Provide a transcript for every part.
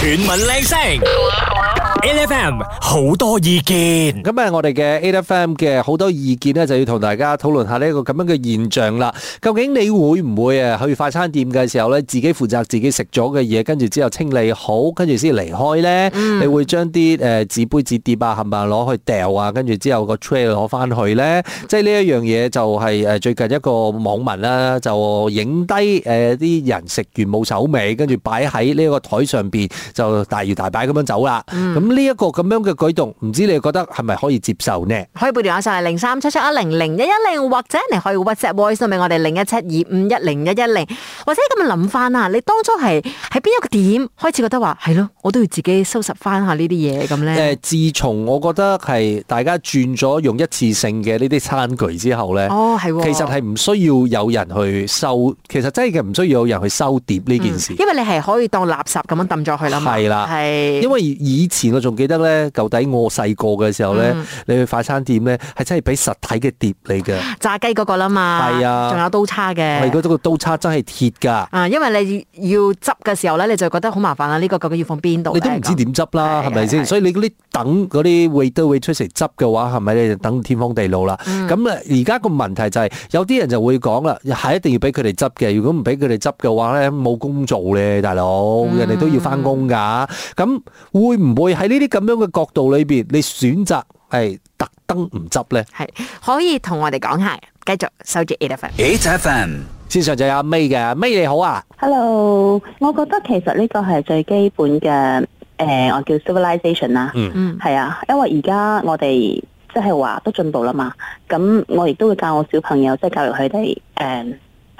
全民靚聲，A F M 好多意見。今日我哋嘅 A F M 嘅好多意見呢，就要同大家討論下呢一個咁樣嘅現象啦。究竟你會唔會去快餐店嘅時候呢？自己負責自己食咗嘅嘢，跟住之後清理好，跟住先離開呢？嗯、你會將啲誒紙杯紙碟啊，係咪攞去掉啊？跟住之後個 tray 攞翻去呢？即係呢一樣嘢就係誒最近一個網民啦，就影低誒啲人食完冇手尾，跟住擺喺呢個台上邊。就大搖大擺咁樣走啦。咁呢一個咁樣嘅舉動，唔知你覺得係咪可以接受呢？可以撥電話上嚟零三七七一零零一一零，或者你可以 WhatsApp 俾我哋零一七二五一零一一零。或者咁樣諗翻啊，你當初係喺邊一個點開始覺得話係咯，我都要自己收拾翻下呢啲嘢咁咧？誒，自從我覺得係大家轉咗用一次性嘅呢啲餐具之後咧，哦，係，其實係唔需要有人去收，其實真係嘅唔需要有人去收碟呢件事，因為你係可以當垃圾咁樣抌咗去啦。係啦，因為以前我仲記得咧，舊底我細個嘅時候咧，嗯、你去快餐店咧，係真係俾實體嘅碟嚟嘅，炸雞嗰個啦嘛，係啊，仲有刀叉嘅，係嗰個刀叉真係鐵㗎啊、嗯！因為你要執嘅時候咧，你就覺得好麻煩啦。呢個究竟要放邊度？你都唔知點執啦，係咪先？所以你嗰啲等嗰啲 waiter 都會出嚟 waitress 執嘅話，係咪就等天荒地老啦。咁啊、嗯，而家個問題就係、是、有啲人就會講啦，係一定要俾佢哋執嘅。如果唔俾佢哋執嘅話咧，冇工做咧，大佬，嗯、人哋都要翻工。啊！咁會唔會喺呢啲咁樣嘅角度裏邊，你選擇係特登唔執呢？係可以同我哋講下嘅，繼續收住 eleven，eleven 線上就有阿 May 嘅，May 你好啊，Hello！我覺得其實呢個係最基本嘅，誒我叫 civilization 啦，嗯嗯，係啊，因為而家我哋即係話都進步啦嘛，咁我亦都會教我小朋友，即係教育佢哋，誒。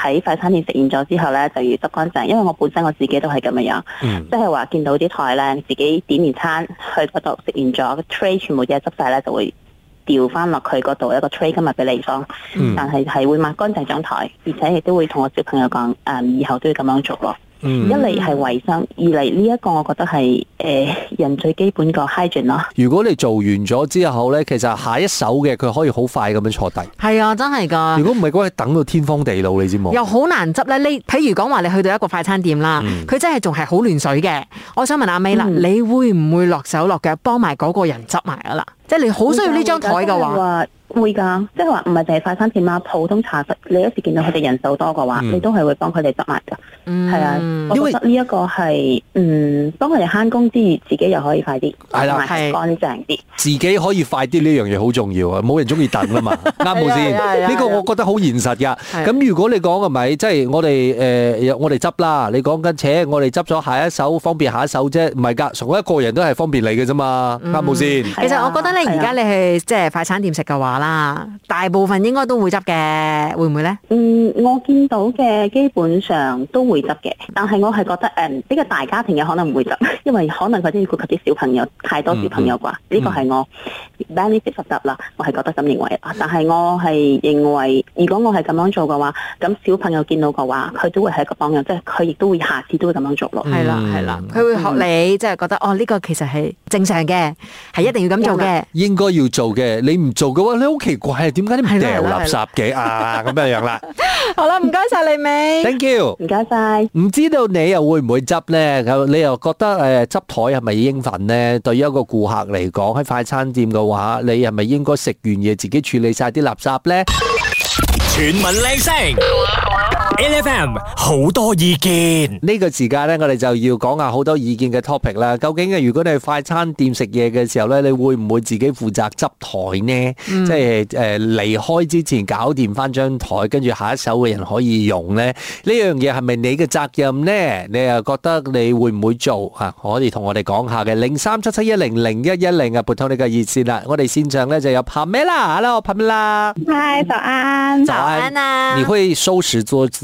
喺快餐店食完咗之後呢，就要執乾淨，因為我本身我自己都係咁樣，即係話見到啲台呢，自己點完餐去嗰度食完咗，個 tray 全部嘢執晒呢，就會掉翻落佢嗰度一個 tray 嘅地方畀你放，嗯、但係係會抹乾淨張台，而且亦都會同我小朋友講，誒、嗯、以後都要咁樣做咯。嗯、一嚟係衛生，二嚟呢一個我覺得係誒、呃、人最基本個 hygiene 咯。如果你做完咗之後呢，其實下一手嘅佢可以好快咁樣坐低。係啊，真係噶！如果唔係嗰日等到天荒地老，你知冇？又好難執呢。你譬如講話你去到一個快餐店啦，佢、嗯、真係仲係好亂水嘅。我想問阿美啦，你會唔會落手落腳幫埋嗰個人執埋啊啦？即係你好需要呢張台嘅話。會噶，即係話唔係淨係快餐店啦，普通茶室你有時見到佢哋人手多嘅話，你都係會幫佢哋執埋噶，係啊。我覺得因為呢一個係，嗯，幫佢哋慳工之餘，自己又可以快啲，係啦，係乾淨啲，自己可以快啲呢樣嘢好重要啊，冇人中意等啊嘛，啱唔啱先？呢個我覺得好現實噶。咁如果你講係咪，即係我哋誒，我哋執啦，你講緊請我哋執咗下一手，方便下一手啫，唔係噶，所有一個人都係方便你嘅啫嘛，啱唔啱先？其實我覺得你，而家你去即係快餐店食嘅話咧。啊，大部分應該都會執嘅，會唔會呢？嗯，我見到嘅基本上都會執嘅，但係我係覺得誒，呢、嗯這個大家庭有可能唔會執，因為可能佢照顧佢啲小朋友太多小朋友啩，呢、嗯嗯、個係我、嗯、benefit 啦，我係覺得咁認為。但係我係認為，如果我係咁樣做嘅話，咁小朋友見到嘅話，佢都會係一個榜樣，即係佢亦都會下次都會咁樣做咯。係啦、嗯，係啦，佢會學你，嗯、即係覺得哦，呢、這個其實係正常嘅，係一定要咁做嘅，的應該要做嘅。你唔做嘅話，好奇怪，點解啲唔掉垃圾嘅啊咁樣樣啦？ 好啦，唔該晒你，美，Thank you，唔該晒。唔知道你又會唔會執呢？你又覺得誒，執台係咪應份呢？對於一個顧客嚟講，喺快餐店嘅話，你係咪應該食完嘢自己處理晒啲垃圾呢？全民靚聲。L.F.M. 好多意見呢個時間咧，我哋就要講下好多意見嘅 topic 啦。究竟啊，如果你去快餐店食嘢嘅時候咧，你會唔會自己負責執台呢？即係誒，離開之前搞掂翻張台，跟住下一手嘅人可以用咧？呢樣嘢係咪你嘅責任呢？你又覺得你會唔會做啊？可以同我哋講下嘅，零三七七一零零一一零啊，撥通呢個熱線啦。我哋線上呢就有 Pamela，hello Pamela，hi 早安，早安啊！你可以收拾桌子。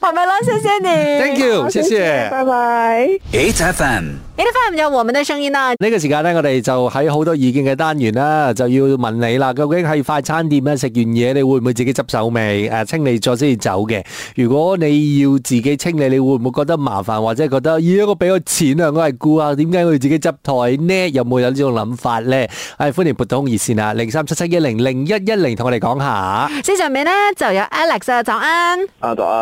拜拜啦，謝謝你，Thank you，謝謝，拜拜。Eight FM，Eight FM 有我們的聲音啦。呢個時間呢，我哋就喺好多意見嘅單元啦，就要問你啦。究竟喺快餐店啊，食完嘢你會唔會自己執手尾誒，清理咗先走嘅？如果你要自己清理，你會唔會覺得麻煩，或者覺得，咦，我俾咗錢啊，我係顧客，點解我要自己執台呢？有冇有呢種諗法呢？係歡迎撥通熱線啊，零三七七一零零一一零，同我哋講下。先上面咧就有 Alex 啊，早安，阿卓啊。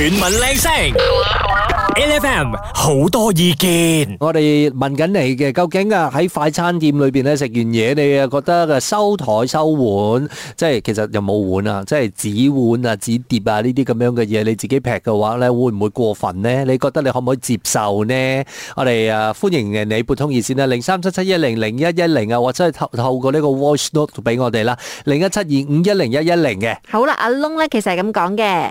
全民靚聲，N F M 好多意見。我哋問緊你嘅，究竟啊喺快餐店裏邊咧食完嘢，你啊覺得嘅收台收碗，即係其實有冇碗啊，即係紙碗啊、紙碟啊呢啲咁樣嘅嘢，你自己劈嘅話咧，會唔會過分呢？你覺得你可唔可以接受呢？我哋啊歡迎誒你撥通熱線啊，零三七七一零零一一零啊，或者係透過呢個 WhatsApp Note 俾我哋啦，零一七二五一零一一零嘅。好啦，阿龍咧，其實係咁講嘅。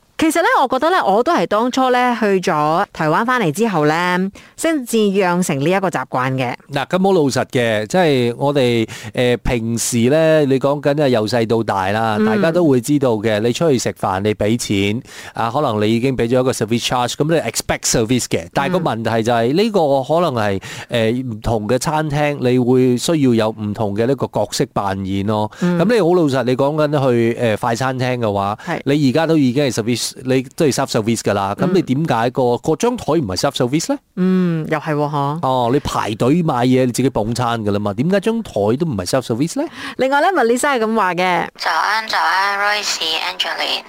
其實咧，我覺得咧，我都係當初咧去咗台灣翻嚟之後咧，先至養成呢一個習慣嘅。嗱咁好老實嘅，即係我哋誒平時咧，你講緊啊由細到大啦，大家都會知道嘅。嗯、你出去食飯，你俾錢啊，可能你已經俾咗一個 service charge，咁你 expect service 嘅。但係個問題就係呢、嗯、個可能係誒唔同嘅餐廳，你會需要有唔同嘅呢個角色扮演咯。咁、嗯、你好老實，你講緊去快餐廳嘅話，你而家都已經係 service。你都係 self-service 噶啦，咁、嗯、你點解、那個嗰張台唔係 self-service 咧？嗯，又係吓、哦。哦，你排隊買嘢，你自己捧餐噶啦嘛，點解張台都唔係 self-service 咧？另外咧 Melissa 係咁話嘅。早安早安，Royce，Angelina，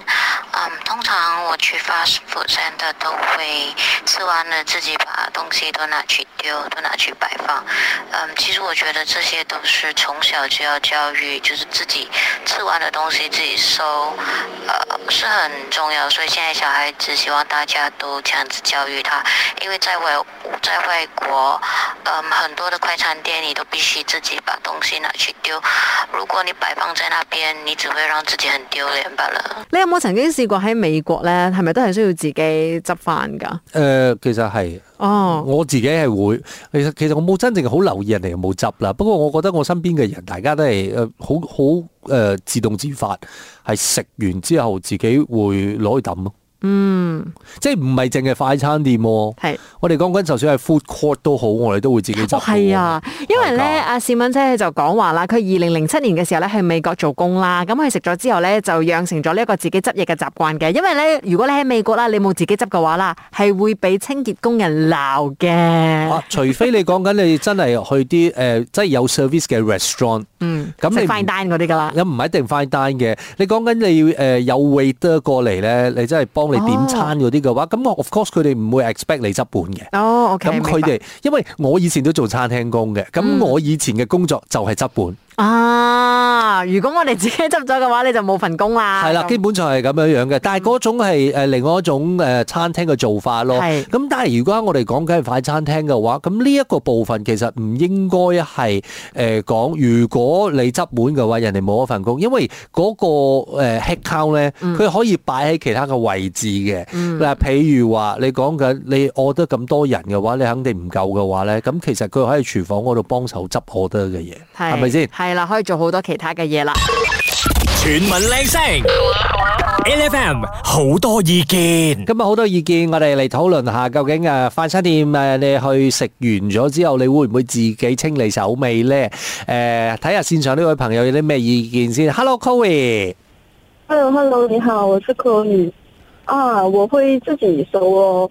嗯，通常我去 Fast Food Centre，他都會吃完了自己把東西都拿去丟，都拿去擺放。嗯，其實我覺得這些都是從小就要教育，就是自己吃完的東西自己收，呃，是很重要。所以現在小孩子希望大家都這樣子教育他，因為在外在外國，嗯，很多的快餐店你都必須自己把東西拿去丟，如果你擺放在那邊，你只會讓自己很丟臉罷了。你有冇曾經試過喺美國呢？係咪都係需要自己執翻噶？誒、呃，其實係，哦，我自己係會，其實其實我冇真正好留意人哋有冇執啦。不過我覺得我身邊嘅人，大家都係誒好好誒自動自發。係食完之後自己會攞去抌咯，嗯，即係唔係淨係快餐店，啊，係是我哋講緊，就算係 food court 都好，我哋都會自己執。係、哦、啊，因為咧，阿小敏姐就講話啦，佢二零零七年嘅時候咧，去美國做工啦，咁佢食咗之後咧，就養成咗呢一個自己執嘢嘅習慣嘅。因為咧，如果你喺美國啦，你冇自己執嘅話啦，係會俾清潔工人鬧嘅，啊。除非你講緊你真係去啲誒，即係有 service 嘅 restaurant。嗯，咁你 fine dine 嗰啲噶啦，咁唔係一定 fine dine 嘅。你講緊你有 waiter 過嚟咧，你真係幫你點餐嗰啲嘅話，咁 of course 佢哋唔會 expect 你執盤嘅。哦，OK，咁佢哋，白因為我以前都做餐廳工嘅，咁我以前嘅工作就係執盤。嗯啊！如果我哋自己執咗嘅話，你就冇份工啦。係啦，基本上係咁樣樣嘅。但係嗰種係誒另外一種誒餐廳嘅做法咯。係。咁但係如果我哋講緊係快餐廳嘅話，咁呢一個部分其實唔應該係誒講，如果你執滿嘅話，人哋冇一份工，因為嗰個誒 headcount 咧，佢可以擺喺其他嘅位置嘅。嗱，譬如話你講緊你 order 咁多人嘅話，你肯定唔夠嘅話咧，咁其實佢可以喺廚房嗰度幫手執 order 嘅嘢，係咪先？係啦，可以做好多其他嘅嘢啦。全民靚聲，L F M，好多意見。今日好多意見，我哋嚟討論下，究竟誒，快餐店誒，你去食完咗之後，你會唔會自己清理手尾呢？誒，睇下線上呢位朋友有啲咩意見先。Hello，Koey。Hello，Hello，你好，我係 Koey。啊，我會自己收哦。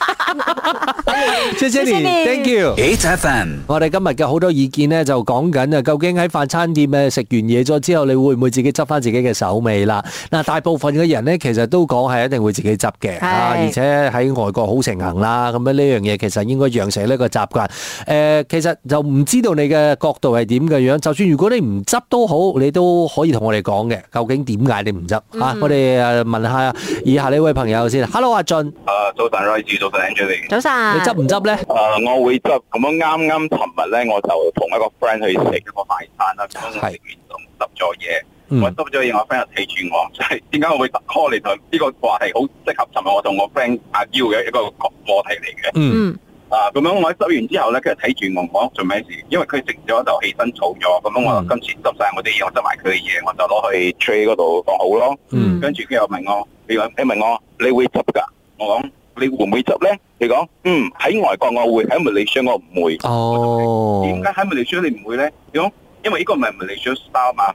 Jenny，Thank you。8 FM，我哋今日嘅好多意見呢，就講緊啊，究竟喺快餐店誒食完嘢咗之後，你會唔會自己執返自己嘅手尾啦？嗱、啊，大部分嘅人呢，其實都講係一定會自己執嘅是啊，而且喺外國好盛行啦。咁樣，呢樣嘢其實應該養成呢個習慣。誒、呃，其實就唔知道你嘅角度係點嘅樣。就算如果你唔執都好，你都可以同我哋講嘅。究竟點解你唔執、mm hmm. 啊？我哋誒問下以下呢位朋友先。Hello，阿俊。Uh, total right, total right. 早晨，你執唔執咧？誒、呃，我會執。咁樣啱啱尋日咧，我就同一個 friend 去食一個快餐啦。咁食完仲執咗嘢，我執咗嘢，我 friend 又睇住我。所以點解我會 call 你咧？呢、這個話係好適合尋日我同我 friend 阿 U 嘅一個話題嚟嘅。嗯。啊，咁樣我執完之後咧，佢睇住我講做咩事，因為佢食咗就起身嘈咗。咁樣我今次執晒我啲嘢，我執埋佢嘅嘢，我就攞去 tray 嗰度放好咯。嗯。跟住佢又問我，你問你問我，你會執㗎？我講。你會唔會執咧？你講，嗯，喺外國我會，喺馬來西亞我唔會。哦、oh.。點解喺馬來西亞你唔會咧？點？因為呢個唔係馬來西亞 style 嘛。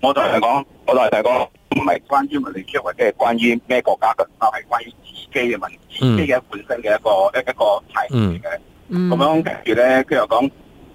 我同人講，我同人講唔係關於馬來西亞或者係關於咩國家嘅，就係關於自己嘅文，mm. 自己嘅本身嘅一個一一個層嘅。咁、mm. 樣跟住咧，佢又講，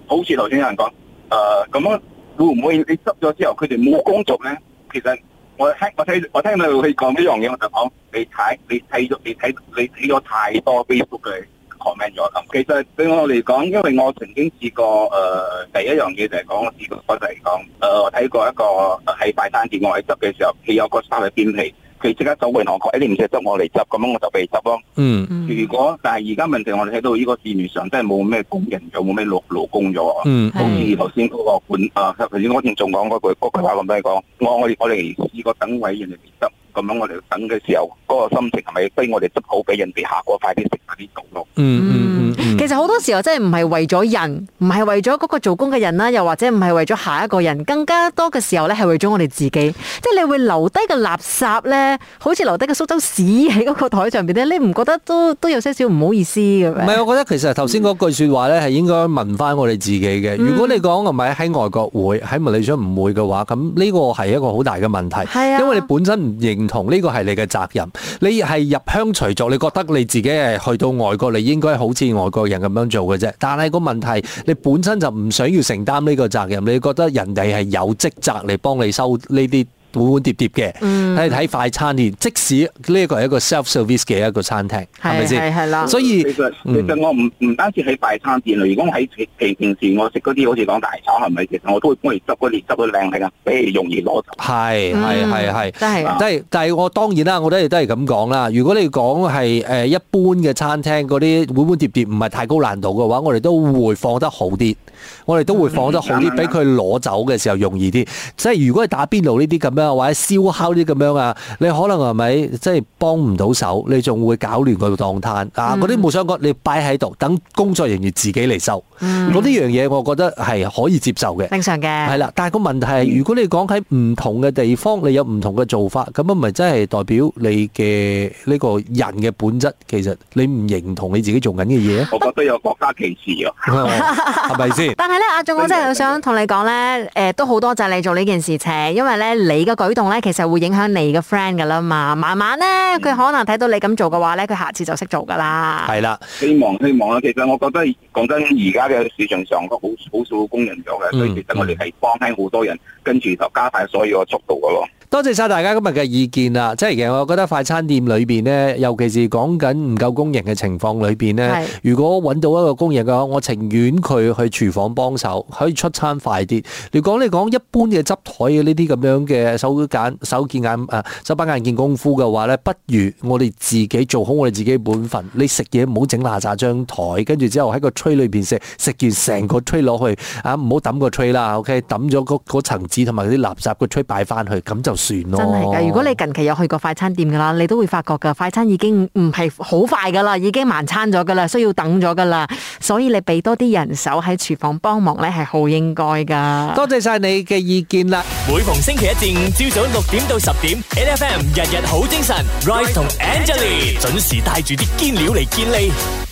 好似頭先有人講，誒、呃，咁樣會唔會你執咗之後，佢哋冇工作咧？其實。我聽我睇我聽到佢講呢樣嘢，我就講你睇你睇咗你睇你睇咗太多 Facebook 嘅 comment 咗，其實對我嚟講，因為我曾經試過誒、呃，第一樣嘢就係講，我試過我就係講誒，我睇過一個喺快餐店外執嘅時候，佢有個生理變例。佢即刻走回我局，誒、哎、你唔使執我嚟執，咁樣我就俾執咯。嗯嗯。如果但係而家問題，我哋睇到呢個市面上真係冇咩工人，有冇咩勞勞工咗？嗯，好似頭先嗰個管誒，頭先正仲講嗰句嗰句話咁畀你講，我我試我嚟試個等位人哋嚟執。咁樣我哋等嘅時候，嗰個心情係咪俾我哋執好俾人哋下嗰塊啲食嗰啲餸咯？嗯嗯嗯，其實好多時候真係唔係為咗人，唔係為咗嗰個做工嘅人啦，又或者唔係為咗下一個人，更加多嘅時候咧係為咗我哋自己。即係你會留低個垃圾咧，好似留低個蘇州屎喺嗰個台上邊咧，你唔覺得都都有些少唔好意思嘅咩？唔係，我覺得其實頭先嗰句説話咧係應該問翻我哋自己嘅。如果你講唔係喺外國會喺馬來西亞唔會嘅話，咁呢個係一個好大嘅問題。係啊，因為你本身唔認。唔同呢個係你嘅責任，你係入鄉隨俗，你覺得你自己係去到外國，你應該好似外國人咁樣做嘅啫。但係個問題，你本身就唔想要承擔呢個責任，你覺得人哋係有職責嚟幫你收呢啲。碗碗碟碟嘅，睇睇、嗯、快餐店，即使呢一個係一個 self-service 嘅一個餐廳，係咪先？係啦。所以其實其實我唔唔單止喺快餐店，如果我喺平平時我食嗰啲好似講大炒，係咪？其實我都會幫你執嗰啲執得靚啲噶，俾佢容易攞走。係係係係，真係、嗯、的但係我當然啦，我都係都係咁講啦。如果你講係誒一般嘅餐廳嗰啲碗碗碟碟唔係太高難度嘅話，我哋都會放得好啲，嗯、我哋都會放得好啲，俾佢攞走嘅時候容易啲。即係、嗯、如果係打邊爐呢啲咁樣。啊，或者燒烤啲咁樣啊，你可能係咪即係幫唔到手，你仲會搞亂嗰個檔攤啊？嗰啲冇想過，你擺喺度等工作人員自己嚟收。嗯，嗰啲樣嘢，我覺得係可以接受嘅，正常嘅，係啦。但係個問題係，如果你講喺唔同嘅地方，你有唔同嘅做法，咁啊，咪真係代表你嘅呢個人嘅本質。其實你唔認同你自己做緊嘅嘢，我覺得有國家歧視啊，係咪先？但係咧，阿眾，我真係想同你講咧，誒都好多謝你做呢件事情，因為咧你嘅。舉動咧，其實會影響你嘅 friend 噶啦嘛。慢慢咧，佢可能睇到你咁做嘅話咧，佢下次就識做噶啦。係啦，希望希望啦。其實我覺得，講真，而家嘅市場上都好好少工人咗嘅，所以其實我哋係幫輕好多人，跟住，就加快所有嘅速度噶咯。多謝晒大家今日嘅意見啊。即係其實我覺得快餐店裏邊呢，尤其是講緊唔夠工人嘅情況裏邊呢，是如果揾到一個工人嘅話，我情願佢去廚房幫手，可以出餐快啲。如果你講一般嘅執台嘅呢啲咁樣嘅手揀手眼手板眼，眼見功夫嘅話呢，不如我哋自己做好我哋自己本分。你食嘢唔好整邋遢張台，跟住之後喺個吹裏邊食，食完成個吹落去啊！唔好抌個吹啦，OK？抌咗嗰嗰層紙同埋啲垃圾個吹擺翻去，咁就。真係噶！如果你近期有去過快餐店噶啦，你都會發覺噶，快餐已經唔係好快噶啦，已經慢餐咗噶啦，需要等咗噶啦，所以你畀多啲人手喺廚房幫忙咧，係好應該噶。多謝晒你嘅意見啦！每逢星期一至五，朝早六點到十點，NFM 日日好精神，Rise 同 Angelie 準時帶住啲堅料嚟健利。